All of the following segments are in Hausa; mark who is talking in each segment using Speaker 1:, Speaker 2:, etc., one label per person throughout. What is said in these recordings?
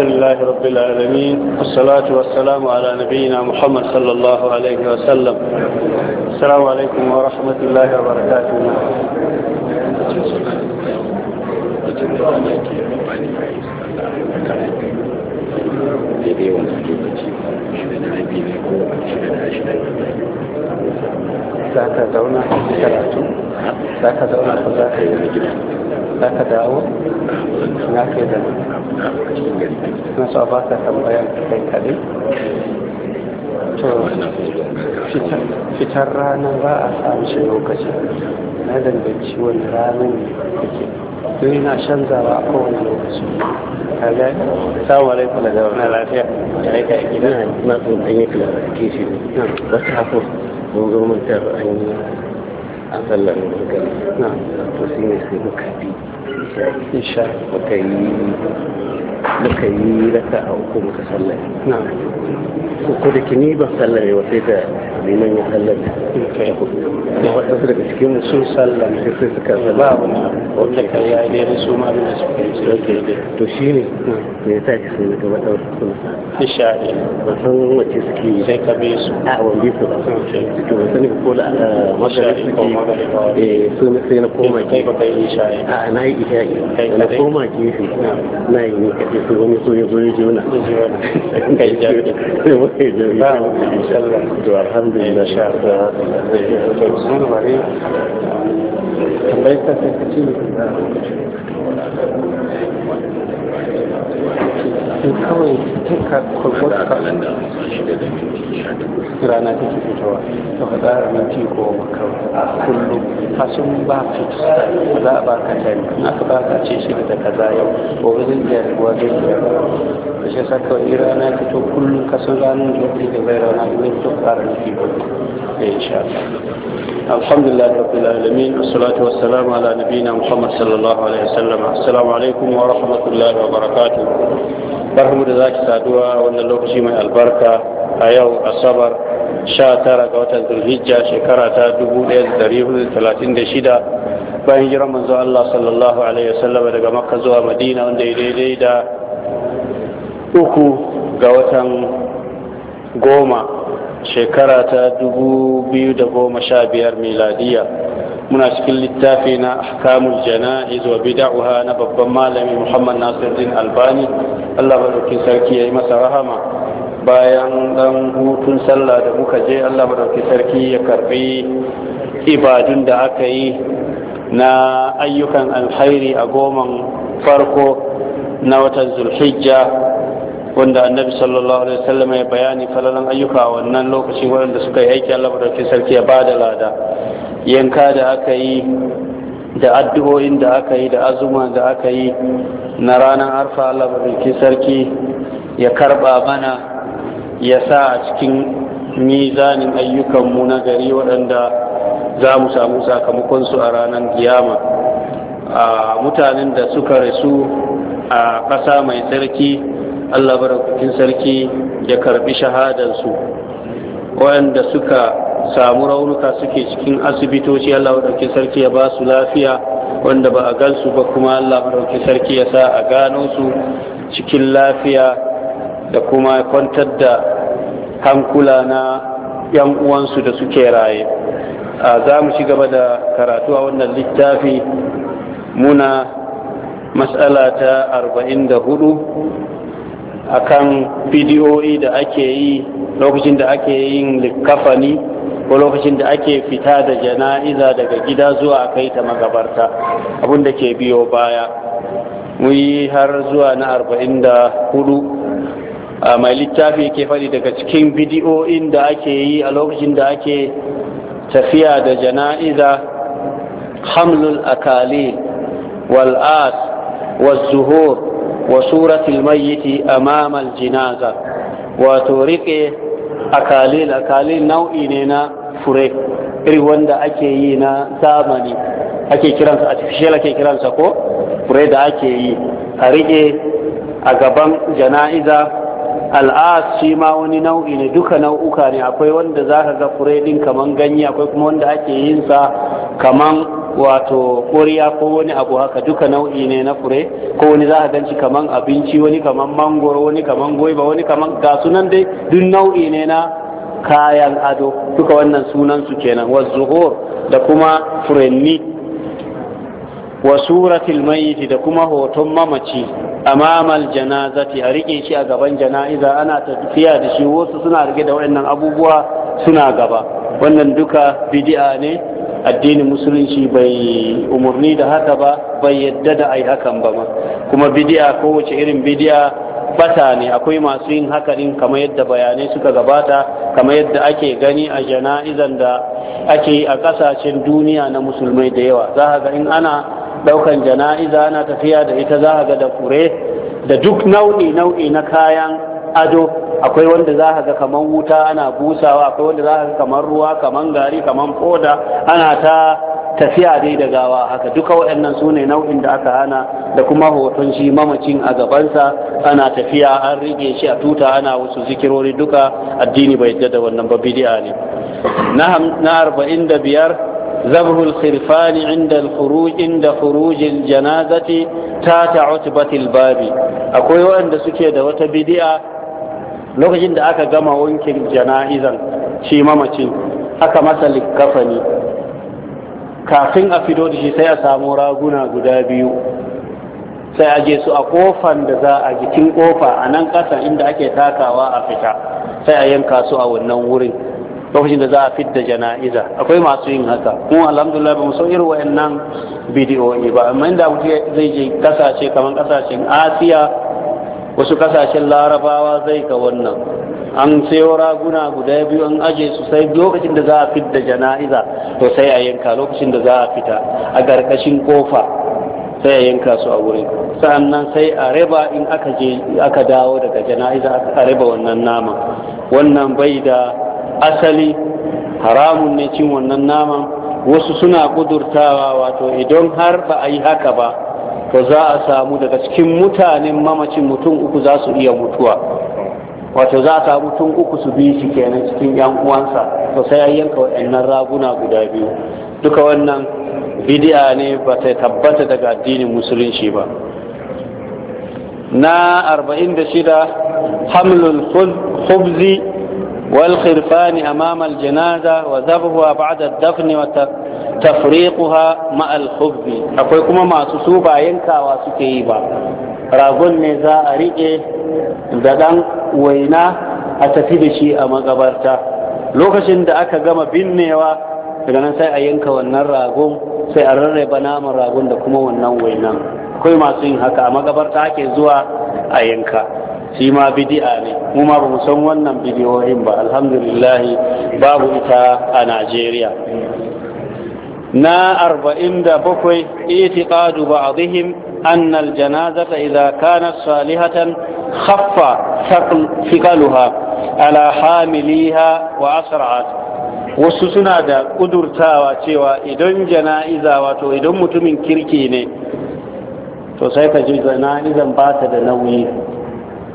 Speaker 1: الحمد لله رب العالمين والصلاة والسلام على نبينا محمد صلى الله عليه وسلم السلام عليكم ورحمة الله وبركاته Thank you. daidai wannan lokaci ko shirin ashirin za ka zauna karatu za ka zauna ko za ka yi wani gida za ka dawo na ke da na sa ba ka tambayan kai kaɗai to fitar rana ba a samu shi lokaci na danganci wani ranar ne kake don yana zawa a kowane lokaci kaga assalamu alaikum da zauna lafiya da aika a gida na sun an yi kula da kishi ne ba ta mun zo mun tar an yi a sallar mun ga na to shi ne sai muka bi insha muka yi muka yi raka a uku muka sallar na ko da kini ba sallar da liman ya da daga cikin sun sallame sai sai suka ba wani wanda kan ya da su ma da su to shi ne sun hmm. sa isha ba san wace suke yi sai ka su a wani ba hmm, to ba sani la magana suke eh, sun sai na koma ba kai isha a na yi isha na koma hmm. na yi ne su wani so ya zo ya ji wani ba الحمد لله kawai duka kwalwarka rana fitowa ta faɗa minti goma kawai a kullum sun ba ka za a ba ka tari aka ba ka ce shi da kaza yau gobe wajen iya riguwa zai iya da shi sa kawai in rana fito kullum kasan ranar da ke da bai rana zai fito ƙara nufi ba da insha Allah alhamdulillah rabbil alamin wassalatu wassalamu ala nabiyyina muhammad sallallahu alaihi wasallam assalamu alaikum wa rahmatullahi wa barakatuh barhamu da zaki saduwa wannan lokaci mai albarka a yau asabar tara ga watan zulhijja shekara ta 1436 bayan jiran manzo Allah sallallahu alaihi wasallam daga makka zuwa madina wanda ya daidai da uku ga watan goma shekara ta 2015 miladiya muna cikin littafi na ahkamul jana'iz wa bid'aha na babban malami Muhammad Nasiruddin Albani Allah barokin sarki yayi masa rahama bayan dan hutun sallah da muka je Allah madauki sarki ya karbi ibadun da aka yi na ayyukan alkhairi a goman farko na watan zulhijja wanda annabi sallallahu alaihi wasallam ya bayani falalan ayyuka wannan lokaci waɗanda suka yi aiki Allah madauki sarki ya bada lada yanka da aka yi da addu'o'in da aka yi da azuma da aka yi na ranar arfa Allah madauki sarki ya karba mana ya sa a cikin mizanin ayyukanmu na gari waɗanda za mu samu sakamakonsu a ranar giyama a mutanen da suka rasu a ƙasa mai tsarki allah barakakin sarki ya karbi shahadansu waɗanda suka samu raunuka suke cikin asibitoci allah barakakin sarki ya ba su lafiya wanda ba a gansu ba kuma allah barakakin sarki ya sa a gano su cikin lafiya da kuma kwantar da hankula na 'yan uwansu da suke raye za mu ci gaba da karatu a wannan littafi muna matsala ta 44 akan bidiyoyi da ake yi lokacin da ake yin likafani ko lokacin da ake fita da jana'iza daga gida zuwa kai ta magabarta abinda ke biyo baya muyi har zuwa na 44 a mai littafi ke faɗi daga cikin bidiyo da ake yi a lokacin da ake tafiya da jana'iza hamlul akali wal'as wazuhur wa suratul mayyiti amamal jinaza wato riƙe akalil akalil nau'i ne na fure iri wanda ake yi na zamani ake kiransa artificial ake kiransa ko fure da ake yi a riƙe a gaban jana'iza al'as shi ma wani nau'i ne duka nau'uka ne akwai wanda za ka ga fure ɗin kaman ganye akwai kuma wanda ake yin sa kaman wato ƙoriya ko wani abu haka duka nau'i ne na fure ko wani za ka ganci kaman abinci wani kaman mangoro wani kaman goiba wani kaman gasu nan dai duk nau'i ne na kayan ado duka wannan sunan su kenan wa zuhur da kuma furanni wa suratul mayyit da kuma hoton mamaci amamal janazati a rike shi a gaban jana'iza ana tafiya da shi wasu suna rike da waɗannan abubuwa suna gaba wannan duka bidi'a ne addinin musulunci bai umarni da haka ba bai yadda da ai hakan ba ma kuma bidi'a kowace irin bidi'a bata ne akwai masu yin hakarin din kamar yadda bayanai suka gabata kamar yadda ake gani a jana'izan da ake yi a kasashen duniya na musulmai da yawa za ga in ana daukan jana'iza ana tafiya da ita za ga da kure da duk nau'i nau'i na kayan ado akwai wanda za ga kamar wuta ana busawa akwai wanda za ga kamar ruwa kamar gari kamar foda ana ta tafiya dai da gawa haka duka waɗannan su ne nau'in da aka hana da kuma hoton shi mamacin a gabansa ana tafiya an rige shi a tuta ana wasu zikirori duka addini bai yadda da wannan ba ne na arba'in da biyar ذبه الخرفان عند الخروج عند خروج الجنازة batil babi akwai waɗanda suke da دا وتبدئة lokacin da aka gama wankin jana'izan shi mamacin aka masa likafani kafin a fito da shi sai a samo raguna guda biyu sai a je su a kofan da za a jikin kofa a nan ƙasa inda ake takawa a fita sai a yanka su a wannan wurin lokacin da za a fidda jana'iza akwai masu yin haka kuma alhamdulillah ba mu san irin wayannan bidiyoyi ba amma inda mutu zai je kasashe kamar kasashen asiya wasu kasashen larabawa zai ga wannan an sayo raguna guda biyu an aje su sai lokacin da za a fidda jana'iza to sai a yanka lokacin da za a fita a garkashin kofa sai a yanka su a wuri sannan sai a raba in aka aka dawo daga jana'iza a raba wannan nama wannan bai da asali haramun ne cin wannan naman wasu suna kudurtawa wato idan har ba a yi haka ba to za a samu daga cikin mutanen mamacin mutum uku za su iya mutuwa wato za a samu mutum uku su bi shi kenan cikin yan uwansa to sai an yanka waɗannan raguna guda biyu duka wannan bidi'a ne ba ta tabbata daga addinin musulunci ba na 46 hamlul khubzi والخرفان أمام الجنازة وذبحها بعد الدفن وتفريقها مع الخبز akwai kuma masu su ba yankawa suke yi ba ragon ne za a riƙe da ɗan waina a tafi da shi a magabarta lokacin da aka gama binnewa daga nan sai a yanka wannan ragon sai a rarraba naman ragon da kuma wannan wainan akwai masu yin haka a magabarta ake zuwa a yanka shi ma bidi'a mu ba bamu san wannan bidiyoyin ba alhamdulillah babu ita a Najeriya na arba'in da bakwai itiqadu ba'dihim أن الجنازة إذا كانت صالحة خف ثقلها على wa وأسرعت wasu suna da ƙudurtawa cewa idan jana'iza wato idan mutumin kirki ne to sai ka ji jana'izan ba ta da nauyi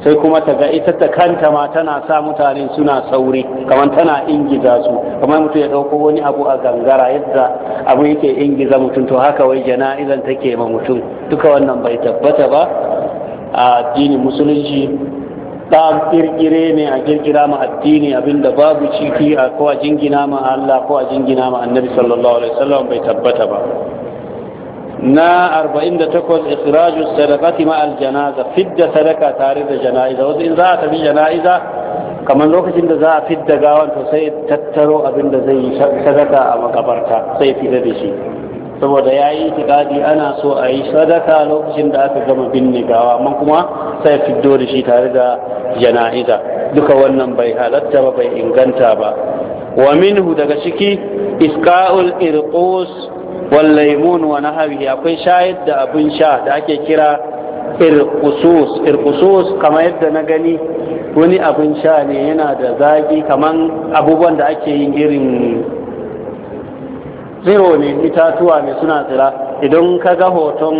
Speaker 1: sai kuma ta ga ita ta kanta ma tana sa mutane suna sauri kamar tana ingiza su kamar mutum ya ɗauko wani abu a gangara yadda abu yake ingiza mutum to haka wai jana'izan take ma mutum duka wannan bai tabbata ba a addinin musulunci ɗan kirkire ne a kirkira ma addini abinda babu ciki a kowa jingina ma Allah ko a jingina ma annabi sallallahu alaihi wasallam bai tabbata ba na 48 ikhraju sadaqati ma al janaza fidda sadaka tare da janaiza wasu in za a tafi janaiza kamar lokacin da za a fidda gawan to sai tattaro abin da zai yi sadaka a makabarta sai fita da shi saboda ya yi itikadi ana so a yi sadaka lokacin da aka gama binne gawa amma kuma sai fiddo da shi tare da jana'iza duka wannan bai halatta ba bai inganta ba wa minhu daga ciki iska'ul irqus wallaimun wa hari akwai shayar da abin sha da ake kira irkusus irkusus kamar yadda na gani wani abin sha ne yana da zagi kaman abubuwan da ake yin irin zero ne itatuwa ne suna tsira idan ka ga hoton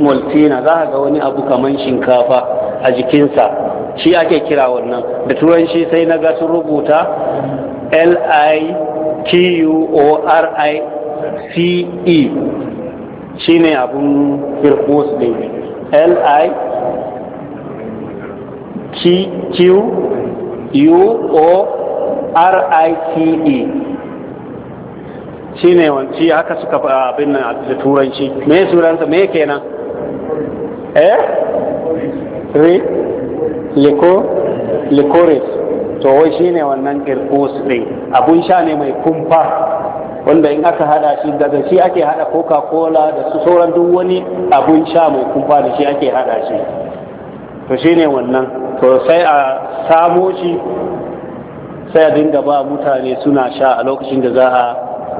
Speaker 1: multina za ga wani abu kamar shinkafa a jikinsa shi ake kira wannan da turanci sai na ga sun rubuta l i q o r i ce shine abun firkos I li Q U O R I T E shine wanci haka suka abin nan da turanci me suransa me kenan eh re liko likoris to wai shine wannan kirkus ɗin abun sha ne mai kumfa wanda in aka hada shi daga shi ake hada coca cola da su sauran duk wani abun sha mai kumfa da shi ake hada shi to shi ne wannan to sai a samo shi sai a dinga ba mutane suna sha a lokacin da za a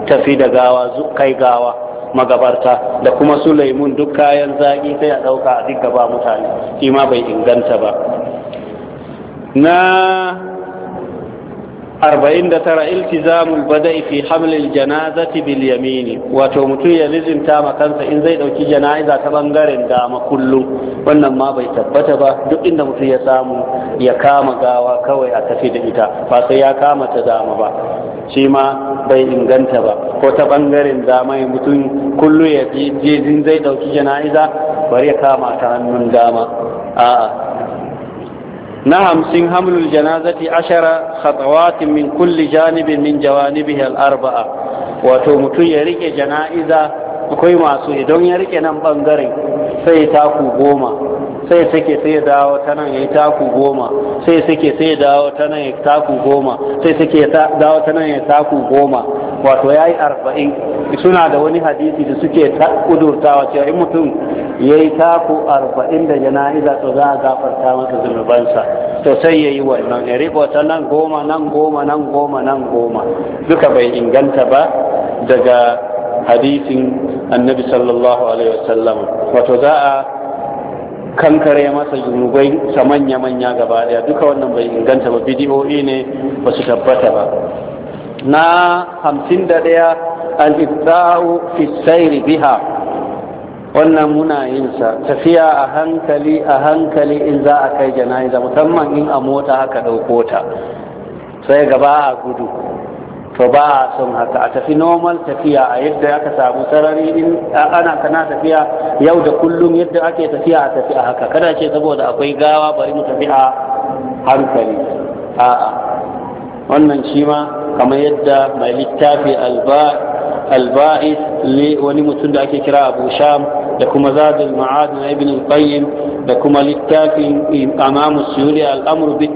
Speaker 1: tafi da gawa kai gawa magabarta da kuma su laimun duk kayan zaƙi sai a ɗauka a dinga ba mutane shi bai inganta ba na Arba'in da 49 iltizamul bada'i fi hamlil janazati bil yamini wato mutum ya lizinta ma kansa in zai dauki jana'iza ta bangaren dama kullum wannan ma bai tabbata ba duk inda mutum ya samu ya kama gawa kawai a tafi da ita ba sai ya kama ta dama ba shi ma bai inganta ba ko ta bangaren dama ya mutum kullu ya je zai dauki jana'iza bari ya kama ta hannun dama a'a نعم سن حمل الجنازة عشر خطوات من كل جانب من جوانبها الأربعة وتومتو يريك جنائزة akwai masu idan ya rike nan bangaren sai taku goma sai sake sai ya dawo ta nan ya yi taku goma sai sake sai ya dawo ta nan ya taku goma sai sake dawo ta nan ya taku goma wato ya yi arba'in suna da wani hadisi da suke kudurtawa cewa in mutum ya yi taku arba'in da jana'iza to za a gafarta masa zunubansa to sai ya yi wannan ya riƙo ta nan goma nan goma nan goma nan goma duka bai inganta ba daga hadisin annabi sallallahu alaihi wasallam wato za a kankare masa zunubai sa manya-manya gaba daya duka wannan bai inganta ba bidiyoyi ne ba su tabbata ba na hamsin da ɗaya al-ibda'u fi sayri biha wannan muna yin sa tafiya a hankali a hankali in za a kai da musamman in a mota haka ɗauko ta sai gaba a gudu to ba a son haka a tafi normal tafiya a yadda aka samu sarari in ana kana tafiya yau da kullum yadda ake tafiya a tafi a haka kada ce saboda akwai gawa bari mu tafi a hankali a'a wannan shi ma kamar yadda mai littafi alba'is wani mutum da ake kira abu sham da kuma zadul ma'ad na ibn al-qayyim da kuma littafin imamu suyuri al-amru bi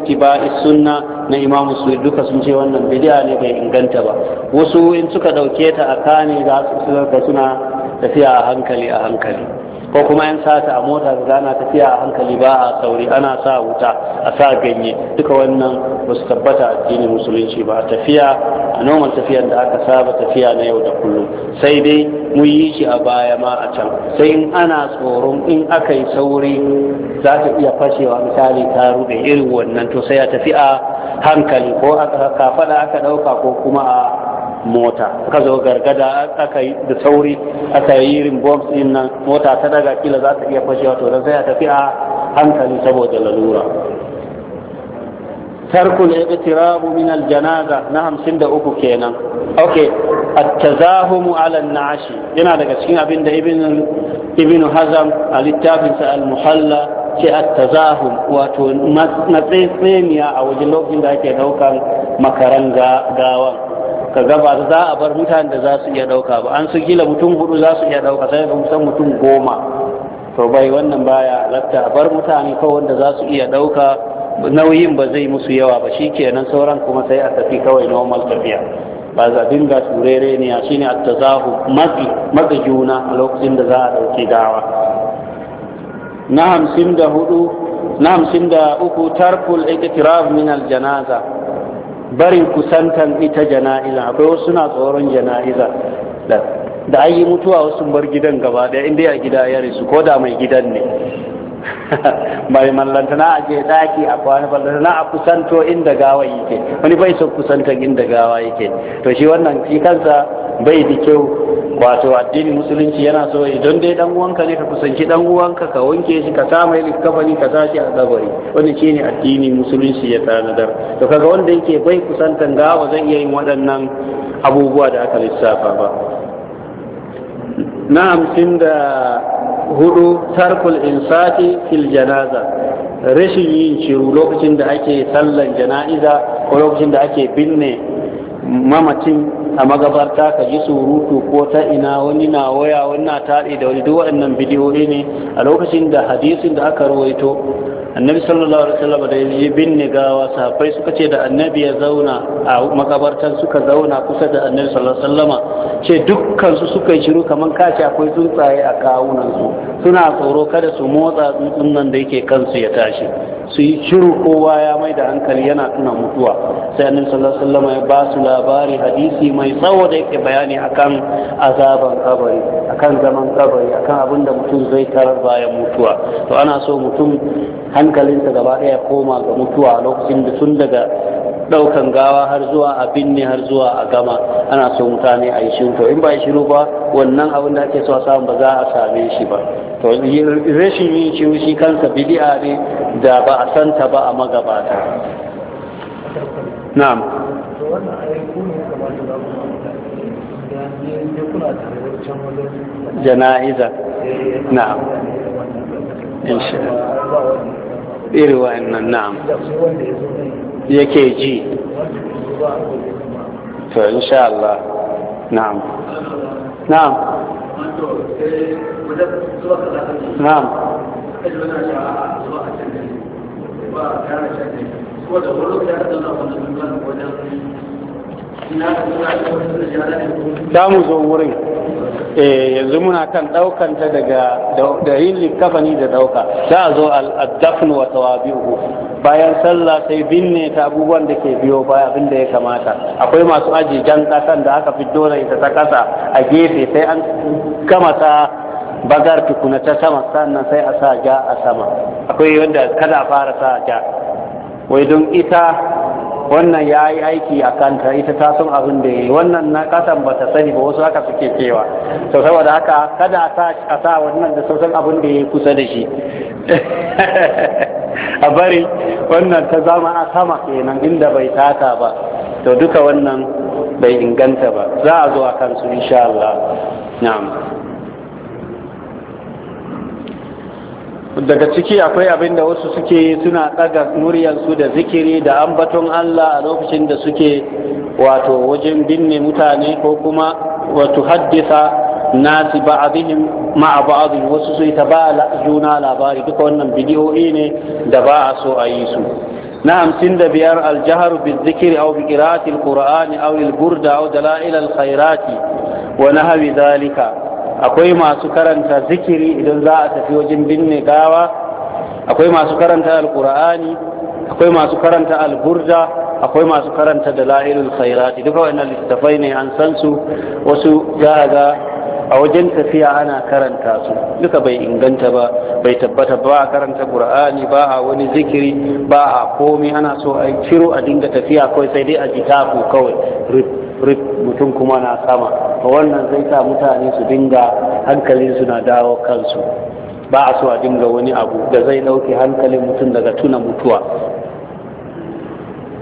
Speaker 1: sunna na imam duka sun ce wannan bid'a ne bai inganta ba wasu in suka dauke ta a kane za su suna tafiya a hankali a hankali ko kuma yan sata a mota da ana tafiya a hankali ba a sauri ana sa wuta a sa ganye duka wannan ba su tabbata a addinin musulunci ba tafiya a noman tafiyar da aka saba tafiya na yau da kullum sai dai mu yi shi a baya ma a can sai in ana tsoron in aka yi sauri za ta iya fashewa misali ta rube irin wannan to sai a tafi hankali ko aka kafaɗa aka ɗauka ko kuma a mota ka zo gargada aka yi da sauri aka yi irin bombs din nan mota ta daga kila za ta iya fashewa to dan sai a tafi a hankali saboda lalura tarkul iqtirabu min al janaza na 53 kenan okay at-tazahumu ala an yana daga cikin abin da ibn ibn hazam a littafin sa al-muhalla ce at-tazahum wato matsatseniya a wajen lokacin da ake daukan makaran gawan ka gaba za a bar mutanen da za su iya ɗauka ba an su gila mutum hudu za su iya ɗauka sai ga musan mutum goma to bai wannan baya latta bar mutane kawai wanda za su iya ɗauka nauyin ba zai musu yawa ba shi kenan sauran kuma sai a tafi kawai normal tafiya ba za dinga turere ne a shine attazahu mafi maga juna a lokacin da za a ɗauki dawa. na hamsin da hudu na hamsin da uku tarkul ikitiraf min aljanaza barin kusantan ita jana'iza akwai wasu suna tsoron jana'iza da an yi mutuwa wasu bar gidan gaba daya inda ya gida ya risu ko da mai gidan ne mai mallantana a je daki a kwanu mallantana a kusanto inda gawa yake wani bai son kusantan inda gawa yake to shi wannan cikansa bai da kyau wato addinin musulunci yana so idan dai dan uwanka ne ka kusanci dan uwanka ka wanke shi ka samu yi kafani ka sashi a kabari wannan shine addini musulunci ya tanadar to kaga wanda yake bai kusantan gawa zan iya yin waɗannan abubuwa da aka lissafa ba na hamsin da hudu tarkul insati fil janaza rashin yin shiru lokacin da ake sallan jana'iza ko lokacin da ake binne mamacin a magabarta ka ji surutu ko ta ina wani na waya wani na taɗe da wani duk waɗannan bidiyoyi ne a lokacin da hadisin da aka rawaito annabi sallallahu alaihi wasallam da ya binne gawa sahabbai suka ce da annabi ya zauna a makabartan suka zauna kusa da annabi sallallahu alaihi ce dukkan su suka yi shiru kamar kace akwai tsuntsaye a kawunan su suna tsoro kada su motsa tsuntsun nan da yake kansu ya tashi su yi shiru kowa ya mai da hankali yana tuna mutuwa sai annabi sallallahu alaihi ya ba su labari hadisi mai tsawo da yake bayani akan azaban kabari akan zaman kabari akan abin da mutum zai tarar bayan mutuwa to ana so mutum hankalinsa gaba ɗaya koma ga mutuwa lokacin da sun daga ɗaukan gawa har zuwa a binne har zuwa a gama ana so mutane a yi shiru to in ba yi shiru ba wannan abin da ake so a samu ba za a same shi ba to rashin yin shiru shi kansa bidi'a ne da ba a santa ba a magabata na'am wannan a yanku ne kamar da za kuna tare wancan wajen jana'iza na'am insha iri wa'annan na'am yake ji to insha Allah na'am na'am na'am ko zo wurin eh, yanzu muna kan ɗaukanta daga da yin likafani da ɗauka za a zo al-dafn wa uku bayan sallah sai binne ta abubuwan da ke biyo baya abin da ya kamata akwai masu aji jan kasan da aka fi dole ita ta kasa a gefe sai an gama ta bagar tukuna ta sama sannan sai a sa ja a sama akwai wanda kada a fara sa ja wai don ita wannan ya yi aiki a kanta ita ta san abin da ya yi wannan na kasan ba ta sani ba wasu haka suke cewa to saboda haka kada a sa wannan da sauran abin da ya yi kusa da shi a bari wannan ta zama a sama kenan inda bai taka ba to duka wannan bai inganta ba za a zo a kansu insha Allah na'am daga ciki akwai abin da wasu suke suna ɗaga muryarsu da zikiri da ambaton Allah a lokacin da suke wato wajen binne mutane ko kuma wato haddisa nasi ba'adihim ma'a ba'adihim wasu su ta ba juna labari duka wannan bidiyo'i ne da ba a so a yi su na hamsin da biyar aljahar bi zikiri au bi qira'ati alqur'ani au al-burda au dalail khairati wa nahwi dhalika akwai masu karanta zikiri idan za a tafi wajen binne gawa akwai masu karanta alkur'ani akwai masu karanta alburda akwai masu karanta da la'ilul khairati duka wannan littattafai ne an san su wasu za ga a wajen tafiya ana karanta su duka bai inganta ba bai tabbata ba a karanta qur'ani ba a wani zikiri ba a komi ana so a ciro a dinga tafiya kawai sai dai a jita ku kawai ifrit mutum kuma na sama to wannan zai sa mutane su dinga hankalin su na dawo kansu ba a so a dinga wani abu da zai dauke hankalin mutum daga tuna mutuwa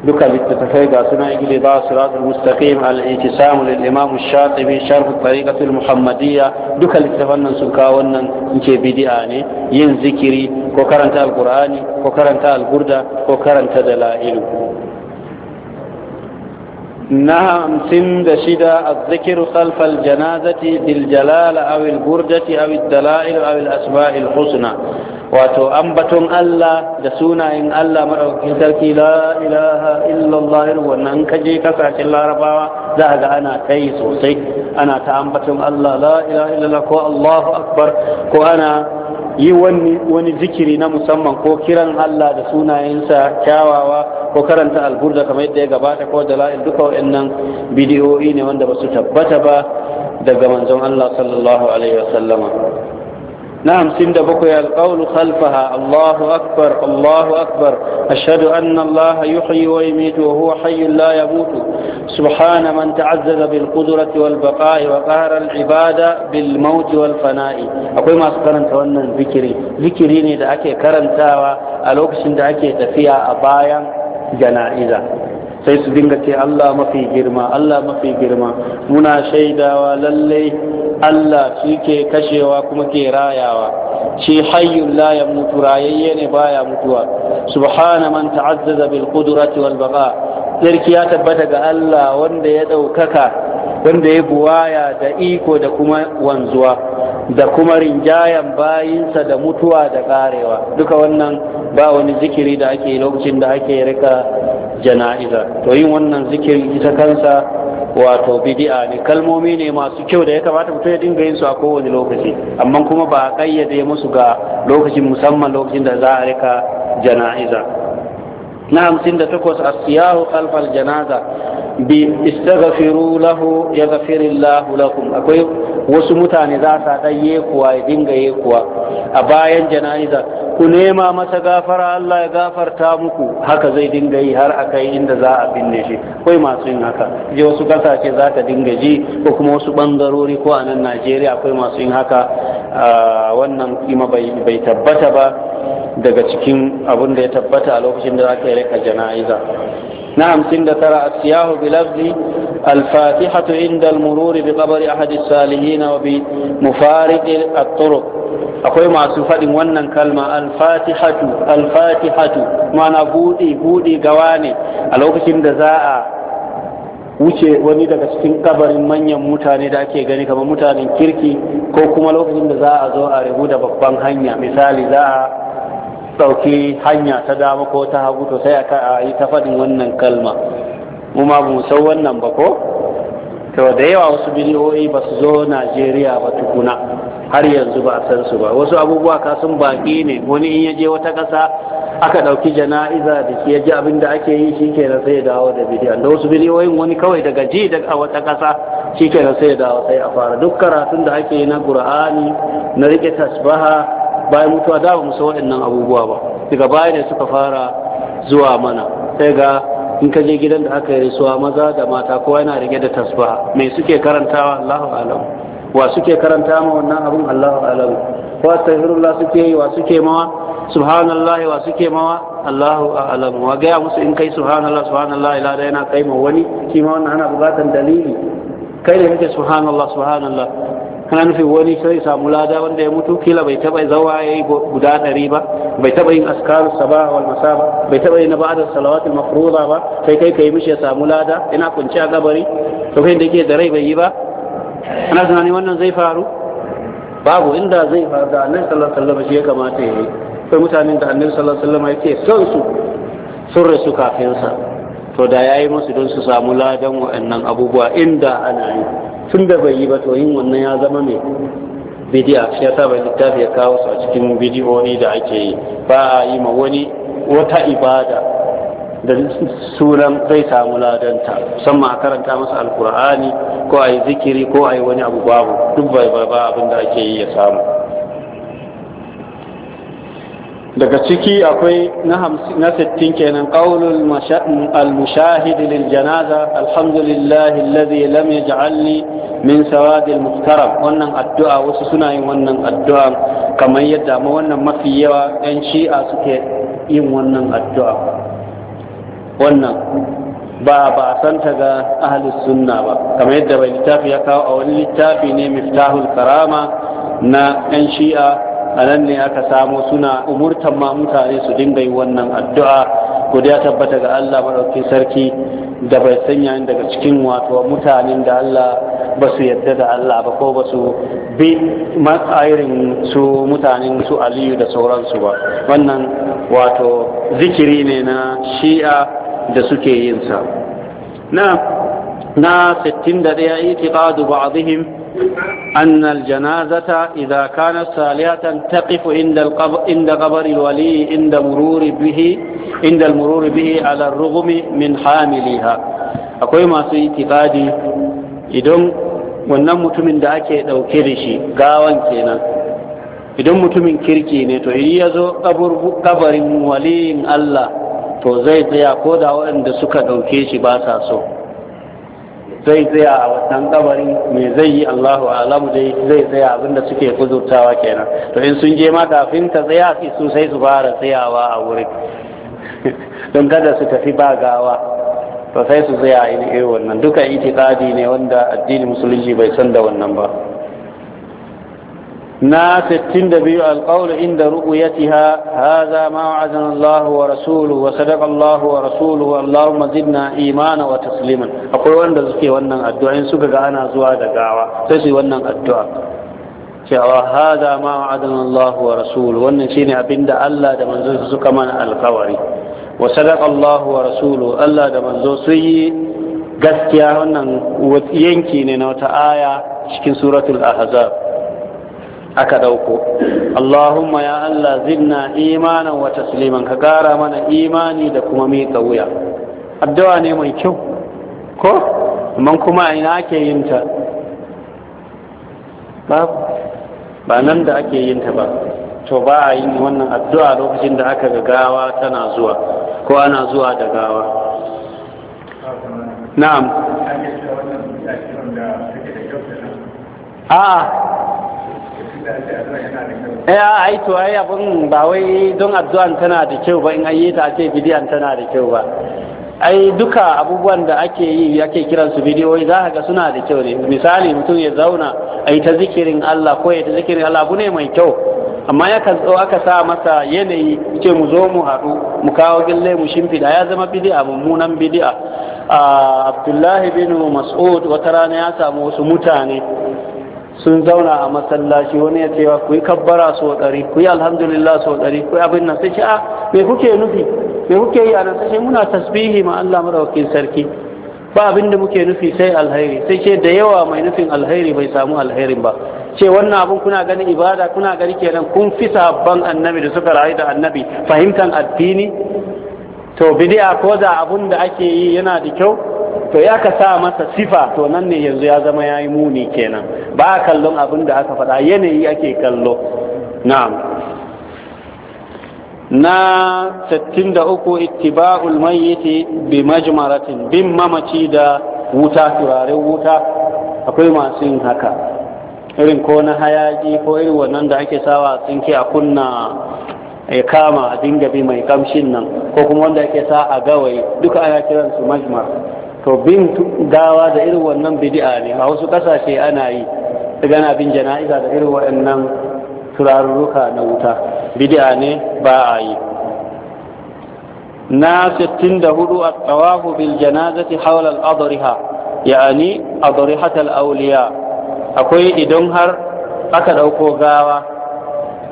Speaker 1: duka littattafai ga suna igile ba su ratul mustaqim al-ijtisam lil shatibi sharh tariqat muhammadiyya duka littattafan nan sun kawo wannan nke bidi'a ne yin zikiri ko karanta alkur'ani ko karanta alburda ko karanta dalailu na hamsin da shida a zikiru salfal janazati diljalala awil gurdati awil dala'il awil asma'il husna wato ambaton Allah da sunayen Allah maɗaukakin sarki la ilaha illallah wannan kaje kasashen larabawa za a ga ana tayi sosai ana ta ambaton Allah la ilaha illallah ko Allahu akbar ko ana yi wani zikiri na musamman ko kiran Allah da sunayensa kyawawa ko karanta alburda kamar yadda ya gabata ko dala'il duka wa'annan bidiyoyi ne wanda ba su tabbata ba daga manzon Allah sallallahu alaihi wa sallama na sin da bakwai alƙawlu khalfaha Allahu akbar Allahu akbar ashhadu anna Allah yuhyi wa yumitu wa huwa hayyun la yamutu subhana man ta'azzaza bil qudrati wal baqa'i wa qahara al ibada bil maut wal fana'i akwai masu karanta wannan zikiri zikiri ne da ake karantawa a lokacin da ake tafiya a bayan jana'iza sai su dinga ce Allah mafi girma Allah mafi girma muna shaidawa lallai Allah shi ke kashewa kuma ke rayawa shi hayyun la ya mutu rayayye ne baya mutuwa subhana man ta'azzaza bil qudrati wal baqa sarki ya tabbata ga Allah wanda ya daukaka wanda ya buwaya da iko da kuma wanzuwa da kuma rinjayen bayinsa da mutuwa da karewa duka wannan ba wani zikiri da ake lokacin da ake rika jana'iza to yin wannan zikiri ita kansa wato bidi'a ne kalmomi ne masu kyau da ya kamata mutum ya dinga yin su a kowane lokaci amma kuma ba a kayyade musu ga lokacin musamman lokacin da za a rika jana'iza na hamsin da takwas asiyahu khalfal janaza bi istaghfiru lahu yaghfir Allahu lakum akwai wasu mutane za su dan yekuwa ya dinga yekuwa a bayan jana'iza ku nema masa gafara Allah ya gafarta muku haka zai dinga yi har akai inda za a binne shi akwai masu yin haka je wasu kasashe za ta dinga ji ko kuma wasu bangarori ko a nan Najeriya akwai masu yin haka wannan kima bai tabbata ba daga cikin abin da ya tabbata a lokacin da za ka yi jana'iza نعم سند ترى السياه بلفظ الفاتحة عند المرور بقبر أحد السالهين وبمفارق الطرق أقول مع سفاد ونن كلمة الفاتحة الفاتحة معنى بودي بودي قواني ألوك سند زاء wuce wani daga cikin kabarin manyan mutane da ake gani kamar mutanen kirki ko kuma lokacin da za a zo a rabu da babban hanya misali za a ɗauki hanya ta dama ko ta hagu to sai a yi ta faɗin wannan kalma mu ma ba mu san wannan ba ko to da yawa wasu biliyoyi ba su zo najeriya ba tukuna har yanzu ba a san su ba wasu abubuwa ka sun baƙi ne wani in yaje wata ƙasa aka ɗauki jana'iza da ke ji abin da ake yi shi kenan sai ya dawo da bidiyon da wasu biliyoyin wani kawai daga ji da a wata ƙasa shi kenan sai ya dawo sai a fara duk karatun da ake yi na ƙura'ani na riƙe tasbaha bayan mutuwa da ba musu waɗannan abubuwa ba daga baya ne suka fara zuwa mana sai ga in ka je gidan da aka yi rasuwa maza da mata kowa yana rike da tasbaha mai suke karantawa Allahu alam wa suke karanta ma wannan abun Allahu alam wa astaghfirullah suke yi wa suke mawa subhanallahi wa suke mawa Allahu alam wa gaya musu in kai subhanallah subhanallah ila da yana kai ma wani shi ma wannan ana bukatar dalili kai ne kake subhanallah subhanallah kana nufin wani sai samu lada wanda ya mutu kila bai taba zawa yi guda ɗari ba bai taba yin askar sabah wal masa ba bai taba yin ba'adar salawatul mafruza ba kai kai kai mishi ya samu lada ina kunci a gabari to kai da yake da rai bai yi ba ana tunanin wannan zai faru babu inda zai faru da annabi sallallahu alaihi wasallam shi ya kamata yi kai mutanen da annabi sallallahu alaihi wasallam yake son su sun rasu kafin sa to da ya yi masu don su samu ladan waɗannan abubuwa inda ana yi tun da bai yi ba to yin wannan ya zama mai bidiya shi yasa bai littafi ya kawo su a cikin bidiyoyi da ake yi ba a yi ma wani wata ibada da sunan zai samu ladanta musamman a karanta masa alkur'ani ko a yi zikiri ko a yi wani abu babu duk bai ba abin da ake yi ya samu daga ciki akwai na sittin kenan qaulul al-mushahid lil janaza alhamdulillah alladhi lam yaj'alni min al muhtaram wannan addu'a wasu suna yin wannan addu'a kamar yadda ma wannan mafi yawa yan shi'a suke yin wannan addu'a wannan ba ba san ta ga ahlus sunna ba kamar yadda bai littafi ya kawo a wani littafi ne miftahul karama na yan shi'a a nan ne aka samo suna umurtan ma mutane su dinga yi wannan addu'a godiya tabbata ga Allah madaukakin sarki da bai sanya ni daga cikin wato mutanen da Allah ba su yadda da Allah ba ko ba su bi matsayirin su mutanen su aliyu da sauransu ba wannan wato zikiri ne na shi'a da suke yin sa na ناس 61 اعتقاد بعضهم أن الجنازة إذا كانت سالية تقف عند القبر عند قبر الولي عند مرور به عند المرور به على الرغم من حاملها akwai masu itikadi idan wannan mutumin da ake ɗauke da shi gawan kenan idan mutumin kirki ne to yi ya zo kabarin waliyin Allah to zai tsaya ko da waɗanda suka ɗauke shi ba sa so zai tsaya a wannan kabari me zai yi Allahu alamu dai zai tsaya abinda suke kuzurtawa kenan to in sun je ma kafin ta tsaya su sai su fara tsayawa a wurin don kada su tafi ba gawa to sai su tsaya a irin wannan duka itikadi ne wanda addinin musulunci bai san da wannan ba na 62 alƙawar inda ya ru'uyatiha haza ma wa'azana Allah wa rasuluhu wa sadaka Allah wa rasuluhu Allahumma zidna imana wa tasliman akwai wanda suke wannan addu'a in suka ga ana zuwa da gawa sai su yi wannan addu'a cewa haza ma wa'adana Allah wa rasuluhu wannan shine abinda Allah da manzon suka mana alƙawari wa sadaka Allah wa rasuluhu Allah da manzo su yi gaskiya wannan yanki ne na wata aya cikin suratul ahzab aka dauko Allahumma ya Allah zinna imanan wa tasliman ka gara mana imani da kuma miƙa wuya addu'a ne mai kyau ko amma kuma ina ake yin ta ba nan da ake yin ta ba to ba a yin wannan addu'a lokacin da aka ga gawa tana zuwa ko ana zuwa da gawa na'am a'a ya ai to ai abin ba wai don addu'an tana da kyau ba in ayi ta ce bidiyan tana da kyau ba ai duka abubuwan da ake yi ake kiran su bidiyoyi za ga suna da kyau ne misali mutum ya zauna ai ta zikirin Allah ko ya ta zikirin Allah abu ne mai kyau amma ya kan tso aka sa masa yanayi ce mu zo mu haɗu mu kawo gille mu shimfiɗa ya zama bidi'a mummunan bidi'a ah, abdullahi bin mas'ud wata rana ya samu wasu mutane sun zauna a masallaci wani ya cewa ku yi kabbara so ɗari ku yi alhamdulillah so ɗari ku yi abin nan sai a ah, me kuke nufi me kuke yi a nan sai muna tasbihi ma Allah madaukakin sarki ba abin da muke nufi sai alheri sai ce da yawa mai nufin alheri bai samu alherin ba ce wannan abin kuna ganin ibada kuna gani kenan kun fi sabban annabi da suka rayu da annabi fahimtan addini to bidi'a ko da abun da ake yi yana da kyau to ya ka sa masa sifa to nan ne yanzu ya zama ya yi muni kenan ba kallon abin da aka faɗa yanayi ake kallo na na 63 ittiba'ul mayyiti bi majmaratin bin mamaci da wuta turaren wuta akwai masu yin haka irin ko na hayaki ko irin wannan da ake sawa tsinke a kunna ya kama a dinga bi mai kamshin nan ko kuma wanda ake sa a gawayi duka ana kiransu majmar to bin gawa da irin wannan bidi'a ne a wasu kasashe ana yi daga na bin jana'iza da irin waɗannan turaruka na wuta bidi'a ne ba a yi na 64 a tsawafu bil janazati hawlal al-adriha ya'ani adrihatal awliya akwai idan har aka dauko gawa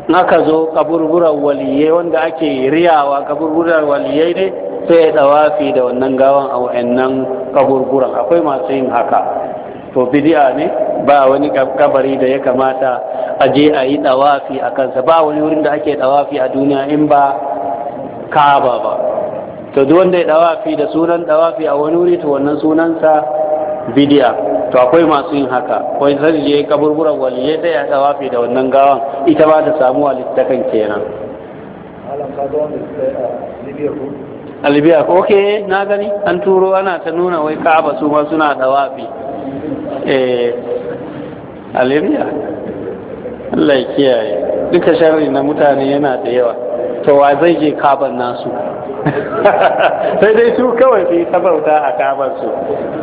Speaker 1: naka zo kaburburan waliyai wanda ake riyawa kaburburan waliyai ne sai ya dawafi da wannan gawan a wa'annan kaburburan akwai masu yin haka to bidiya ne ba wani kabari da ya kamata a je a yi dawafi a kansa ba wani wurin da ake dawafi a duniya in ba kaba ba to duk wanda ya dawafi da sunan dawafi a wani wuri to wannan sunansa bidiya to akwai masu yin haka wai zan je kaburburan waliyai sai ya dawafe da wannan gawan ita ba ta samu walittakan kenan alibiya ok na gani an turo ana ta nuna wai ka'aba su ma suna dawafi eh alibiya Allah ya kiyaye duka sharri na mutane yana da yawa to wa zai je kaban nasu sai dai su kawai su yi sabauta a kamarsu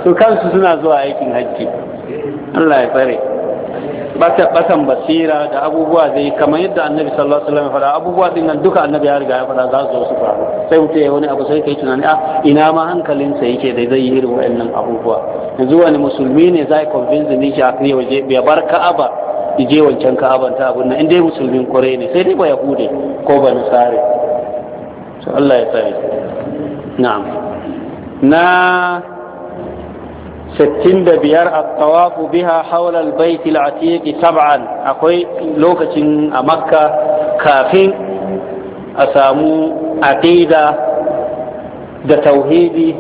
Speaker 1: su kansu suna zuwa aikin hajji Allah ya tsare basan basira da abubuwa zai kamar yadda annabi sallallahu alaihi wasallam fara abubuwa din nan duka annabi ya riga ya fara za su zo su faru sai mutum ya wani abu sai kai tunani a ah, ina ma hankalinsa yake da zai yi irin waɗannan abubuwa yanzu wani musulmi ne za convince ni shi a kai waje ya bar ka'aba je wancan ka'aban ta abun nan in dai musulmin kore ne sai dai ba yahude ko ba nasare Allah ya tsare na'am na 65 at-tawafu biha hawla al-bayt al-atiq tab'an akwai lokacin a makka kafin a samu aqida da tauhidi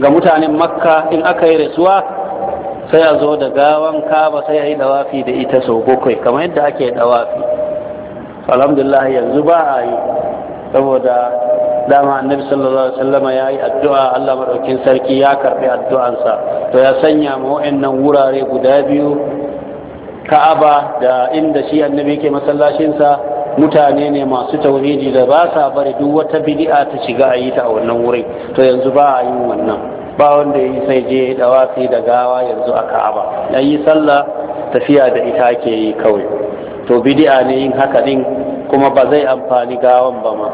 Speaker 1: ga mutanen makka in aka yi rasuwa sai a zo da gawan kaba sai a yi dawafi da ita sau bakwai kamar yadda ake dawafi alhamdulillah yanzu ba a yi saboda dama annabi sallallahu alaihi wasallam ya yi addu'a Allah madaukin sarki ya karbi addu'ansa to ya sanya mu wa'annan wurare guda biyu Ka'aba da inda shi annabi yake masallacinsa mutane ne masu tauhidi da ba sa bari duk wata bid'a ta shiga a yi ta a wannan wurin to yanzu ba a yin wannan ba wanda yi sai je dawafi da gawa yanzu a Ka'aba yayi yi sallah tafiya da ita ke yi kawai to bid'a ne yin haka din kuma ba zai amfani gawan ba ma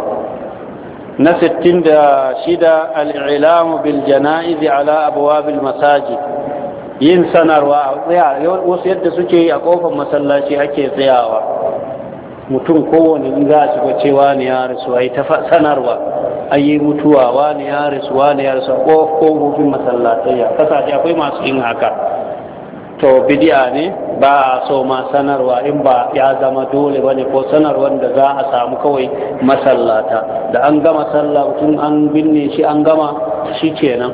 Speaker 1: na 66 al'ilamu bil jana'izi ala abuwabil yin sanarwa wasu yadda suke a kofar masallaci ake tsayawa mutum kowane za a shiga cewa ne ya rasu a yi ta sanarwa a yi mutuwa ne ya rasu ne ya rasu a kofofin masallaci a kasashe akwai masu yin haka to bidiya ne ba a so ma sanarwa in ba ya zama dole ba ne ko sanarwar da za a samu kawai masallata da an gama sallah tun an binne shi an gama shi kenan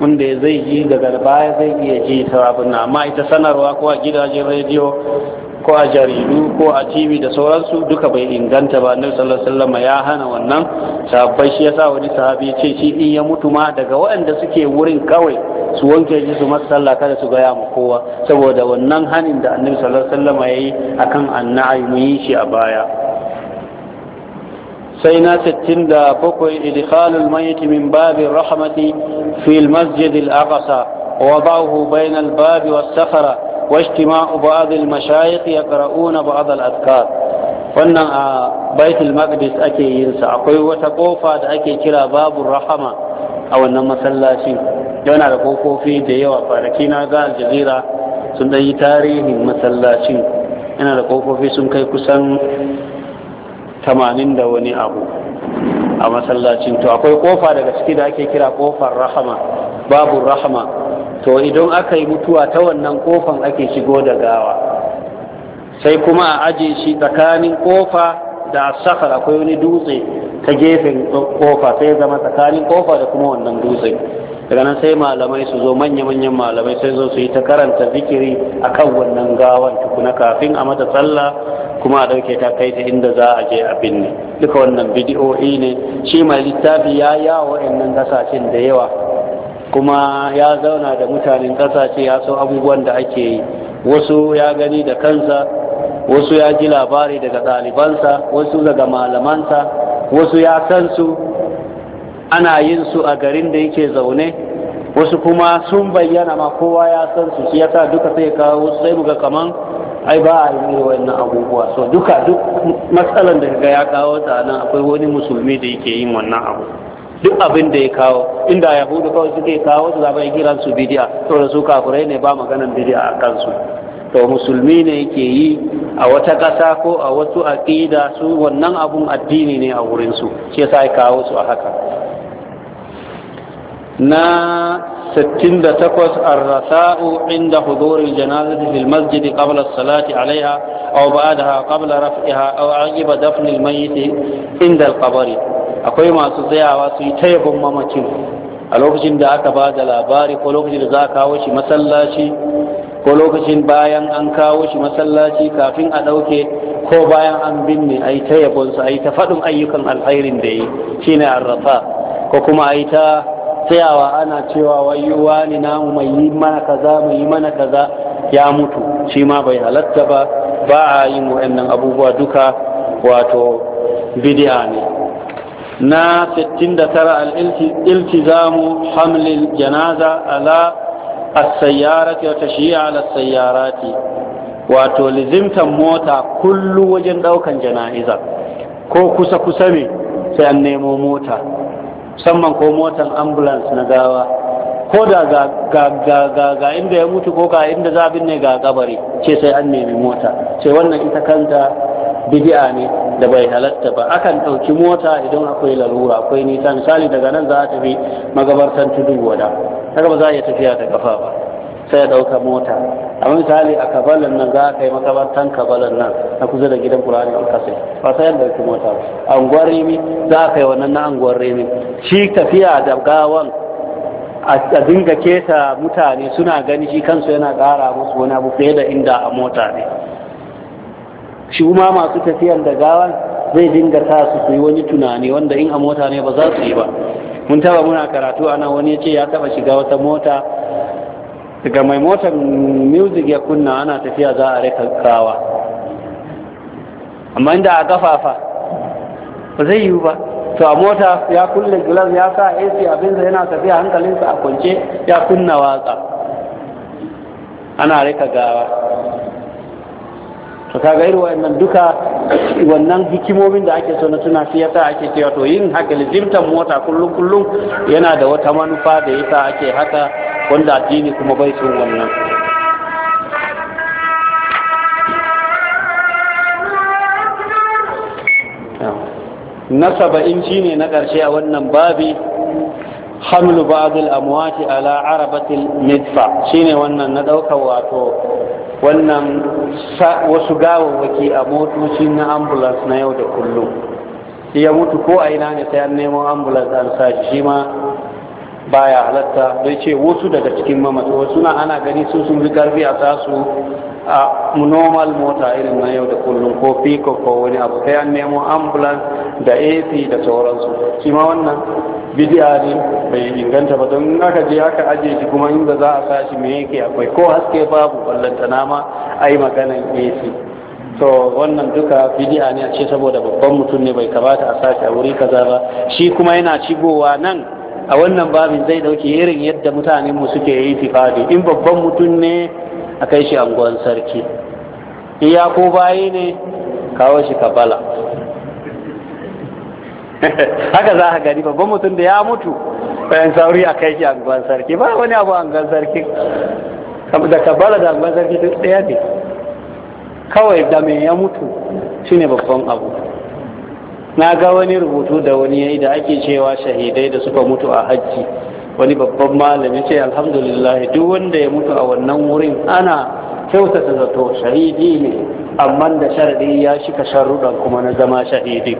Speaker 1: wanda zai ji daga baya zai iya ji ta na, amma ita sanarwa ko a gidajen rediyo ko a jaridu ko a tv da sauransu duka bai inganta ba annabi sallallahu alaihi wasallam ya hana wannan sahabbai shi yasa wani sahabi ce shi din ya mutu ma daga waɗanda suke wurin kawai su wanke ji su masa sallah kada su gaya ma kowa saboda wannan hanin da annabi sallallahu alaihi wasallam yayi akan annai mun yi shi a baya sai na 67 idkhalul mayyit min babir rahmati fil masjid al-aqsa ووضعه بين الباب والسفرة واجتماع بعض المشايخ يقرؤون بعض الأذكار wannan a baitul maqdis ake yin sa akwai wata kofa da ake kira babu rahama a wannan masallaci yana da kofofi da yawa kwanaki na ga aljazira sun ɗan yi tarihin masallacin yana da kofofi sun kai kusan tamanin da wani abu a masallacin to akwai kofa daga ciki da ake kira kofar rahama babu rahama to idan aka yi mutuwa ta wannan kofan ake shigo da gawa sai kuma a aje shi tsakanin kofa da sakar akwai wani dutse ta gefen kofa sai zama tsakanin kofa da kuma wannan dutse daga nan sai malamai su zo manya-manyan malamai sai zo su yi ta karanta zikiri a kan wannan gawan tukuna kafin a mata tsalla, kuma a ɗauke ta kai ta inda za a je a binne duka wannan bidiyo'i ne shi mai littafi ya yawo wa'annan kasashen da yawa kuma ya zauna da mutanen ƙasashe ya san abubuwan da ake yi wasu ya gani da kansa wasu ya ji labari daga ɗalibansa wasu daga malamansa wasu ya san su ana yin su a garin da yake zaune wasu kuma sun bayyana ma kowa ya san su shi yasa duka sai kawo sai muga kaman ai ba a yi wannan abubuwa so duka duk matsalan da ga ya kawo ta nan akwai wani musulmi da yake yin wannan abu duk abin da ya kawo inda yahudu kawai suke kawo su zaba kira su bidiya saboda su kafirai ne ba maganan bidiya a kansu to musulmi ne yake yi a wata ƙasa ko a wasu aqida su wannan abun addini ne a wurinsu shi yasa ya kawo su a haka na 68 janazati fil masjid qabla as-salati 'alayha aw ba'daha qabla raf'iha aw رفعها dafn al-mayyit inda al القبر akwai masu tsayawa su yi ta yabon mamacin a lokacin da aka ba da labari ko lokacin da za a kawo shi masallaci ko lokacin bayan an kawo shi masallaci kafin a ɗauke ko bayan an binne a yi ta yabonsa a yi ta faɗin ayyukan alhairin da yi shi ne arrafa ko kuma a yi ta tsayawa ana cewa wayuwa ne namu mai yi mana kaza mai yi mana kaza ya mutu shi ma bai halatta ba ba a yin waɗannan abubuwa duka wato bidi'a ne na 69 da tara hamlil janaza ala as-sayyarati wa tashyi'a ala sayyarati wato lizimtan mota kullu wajen daukan jana'iza ko kusa kusa ne sai an nemo mota musamman ko motan ambulance na gawa ko da ga inda ya mutu ko ga inda zabin ne ga gabari, ce sai an nemi mota sai wannan ita kanta bidi'a ne da bai halatta ba akan ɗauki mota idan akwai larura akwai nisa misali daga nan za a tafi magabartan tudu wada haka ba za a iya tafiya da kafa ba sai ya ɗauka mota a misali a kabalan nan za a kai makabartan kabalan nan na kusa da gidan kurani alkasai ba sai ya ɗauki mota ba anguwar rimi za a kai wannan na anguwar rimi shi tafiya da gawan a dinga keta mutane suna gani shi kansu yana ƙara musu wani abu fiye da inda a mota ne shi ma masu tafiyan da gawan zai dinga sa su yi wani tunani wanda in a mota ne ba za su yi ba mun taba muna karatu ana wani ya ce ya taba shiga wata mota daga mai motar music ya kunna ana tafiya za a rika kawa amma inda a gafafa ba zai yiwu ba to a mota ya kulle glass ya sa ac abinsa yana tafiya hankalinsa a kwance ya kunna watsa ana rika gawa to kaga irin wayannan duka wannan hikimomin da ake so na tuna shi yasa ake cewa to yin haka lizimtan mota kullum kullum yana da wata manufa da yasa ake haka wanda addini kuma bai so wannan na saba'in shine na ƙarshe a wannan babi hamlu ba'dil amwati ala arabatil midfa shine wannan na daukar wato wannan wasu gawawwaki a motoci na ambulance na yau da kullum ya mutu ko a ina ne sai an nemo ambulance an sa shi ma baya halatta bai ce wasu daga cikin mamata wasu na ana gani su sun fi karfi a tasu a normal mota irin na yau da kullum ko fiko ko wani abu sai an nemo ambulance da ap da sauransu shi ma wannan bidiya ne bai inganta ba don aka je aka ajiye shi kuma inda za a sa shi me yake akwai ko haske babu ballanta nama ai maganan ap to wannan duka bidiya ne a ce saboda babban mutum ne bai kamata a sashi a wuri kaza ba shi kuma yana shigowa nan a wannan babin zai dauke irin yadda mutanenmu suke yi tifadi in babban mutum ne a kai shi anguwan sarki iya ko bayi ne kawo shi kabala haka za ka gani babban mutum da ya mutu bayan sauri a kai shi anguwan sarki ba wani abu anguwan sarki da kabala da anguwan sarki duk ɗaya ne kawai da me ya mutu shine babban abu na ga wani rubutu da wani yayi da ake cewa shahidai da suka mutu a hajji wani babban malami ce alhamdulillah duk wanda ya mutu a wannan wurin ana kyautata zato shahidi ne amma da sharadi ya shika sharuɗan kuma na zama shahidi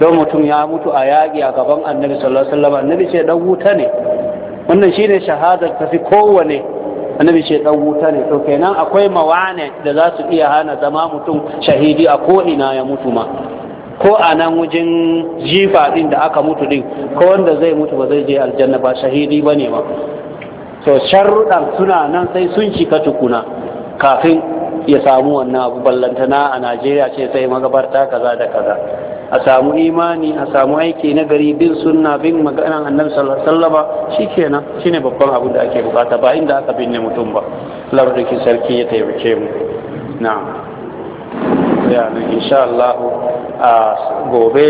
Speaker 1: don mutum ya mutu a yaƙi a gaban annabi sallallahu alaihi wasallam annabi ce dan wuta ne wannan shine shahadar tafi kowane annabi ce dan wuta ne to kenan akwai mawane da za su iya hana zama mutum shahidi a ko ina ya mutu ma ko a nan wajen jifa din da aka mutu din ko wanda zai mutu ba zai je aljanna ba shahidi ba ne ba so sharruɗan suna nan sai sun cika tukuna kafin ya samu wannan abu ballantana a najeriya ce sai magabarta kaza da kaza a samu imani a samu aiki na gari bin sunna bin maganan annabi sallallahu alaihi wasallama shikenan shine babban abin da ake bukata ba inda aka binne mutum ba lardukin sarki ya taimake mu na'am ya insha Allah a gobe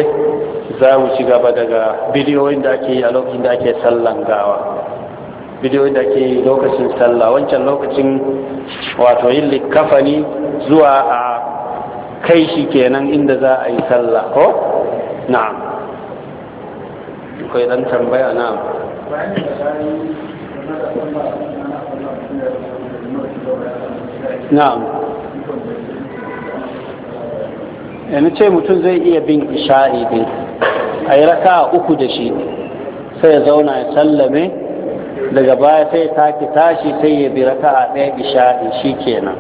Speaker 1: za mu ci gaba daga bidiyoyin da ake yi a lokacin da ake sallan gawa bidiyoyin da ake yi lokacin sallah wancan lokacin wato yin likafani zuwa a kai shi kenan inda za a yi sallah ko na'am kai dan tambaya na'am na'am yana ce mutum zai iya bin isha'i ne a yi raka uku da shi sai ya zauna ya sallame daga baya sai ya take tashi sai ya bi raka a ɗaya isha'i shi kenan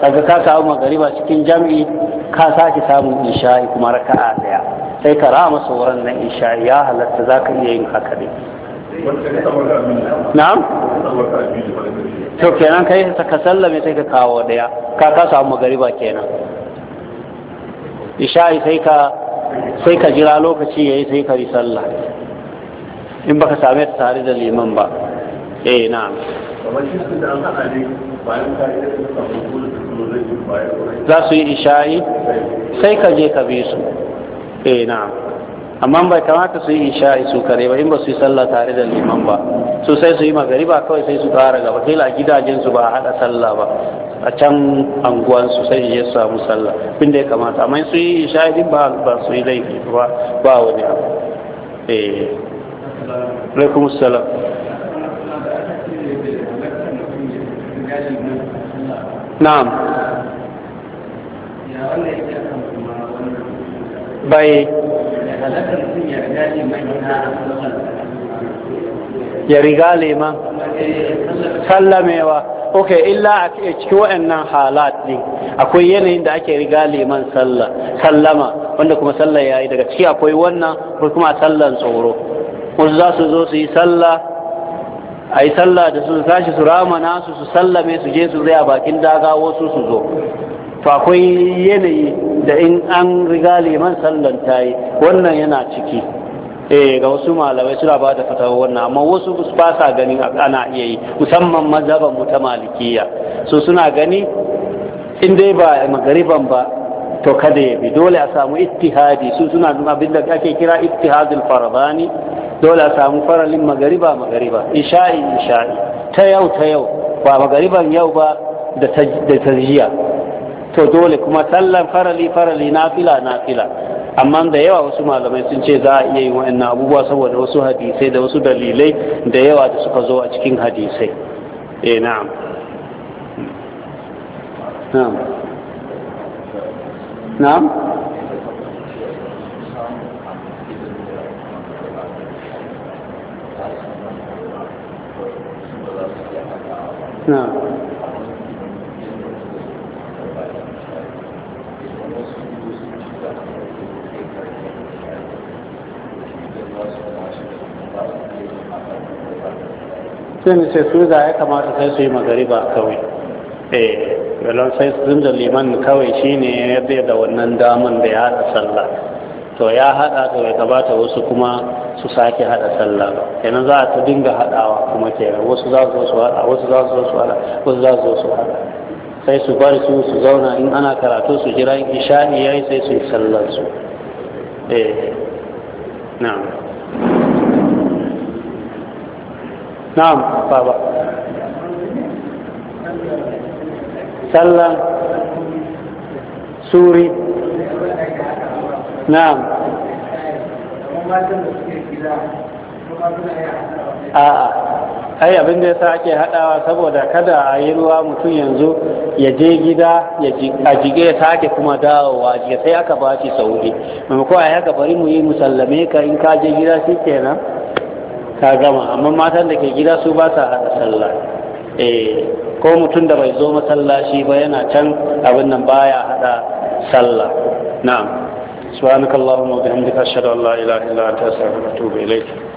Speaker 1: kaga ka samu magariba cikin jam'i ka sake samun isha'i kuma raka a ɗaya sai ka rama sauran na isha'i ya halatta za ka iya yin haka ne na'am to kenan kai ka sallame sai ka kawo ɗaya ka ka samu magariba kenan isha'i sai ka jira lokaci yayi sai ka yi sallah in baka same ta tare da liman ba eh na. za su yi isha'i sai ka je ka bi su eh na. amma bai kamata su yi isha'i su kare ba in ba su yi sallah tare da liman ba su sai su yi ba kawai sai su kara gaba kila gidajen su ba a hada sallah ba a can anguwan su sai ya samu sallah bin da ya kamata amma su yi isha'i din ba ba su yi laifi ba ba wani abu eh alaikum assalam na'am bai halatta ya riga liman sallamewa ok illa a cikin waɗannan halat ne akwai yanayin da ake riga leman sallama wanda kuma ya yi daga ciki akwai wannan ko kuma sallan tsoro wasu za su zo su yi sallah a yi sallah da su tashi su rama nasu su sallame su je su zai a bakin daga wasu su zo to akwai yanayi da in an riga liman sallan ta yi wannan yana ciki eh ga wasu malamai suna ba da fatawa wannan amma wasu ba sa ganin ana iya yi musamman mazhaban mu ta malikiya so suna gani in dai ba magariban ba to kada ya bi dole a samu ittihadi su suna abin da ake kira ittihadul farbani dole a samu faralin magariba magariba isha'i isha'i ta yau ta yau ba magariban yau ba da ta to dole kuma sallan farali farali nafila nafila amma da yawa wasu malamai sun ce za a iya yin wa'annan abubuwa saboda wasu hadisai da wasu dalilai da yawa da suka zo a cikin hadisai eh na'am na'am na'am na'am sai ni ce su za ya kamata sai su yi magariba kawai E, yalon sai su zinda liman kawai shine ya zai da wannan damar da ya haɗa sallah to ya haɗa da ya kamata wasu kuma su sake haɗa sallah ba kenan za a ta dinga haɗawa kuma kenan wasu za su su haɗa wasu za su su haɗa wasu za su su haɗa sai su bari su su zauna in ana karatu su jira in isha'i yi sai su yi sallar su eh, na'am na'am baba sallah suri na'am a'a ai abin da yasa ake hadawa saboda kada a yi ruwa mutum yanzu ya je gida a jige ya sake kuma dawowa jiya sai aka ba shi sauri maimako a haka bari mu yi musallame ka in ka je gida shi kenan ka gama amma matan da ke gida su ba sa haɗa sallah eh ko mutum da bai zo masallaci ba yana can abin nan baya haɗa sallah na'am subhanakallahumma wa bihamdika ashhadu an la ilaha illa anta astaghfiruka wa atubu ilayk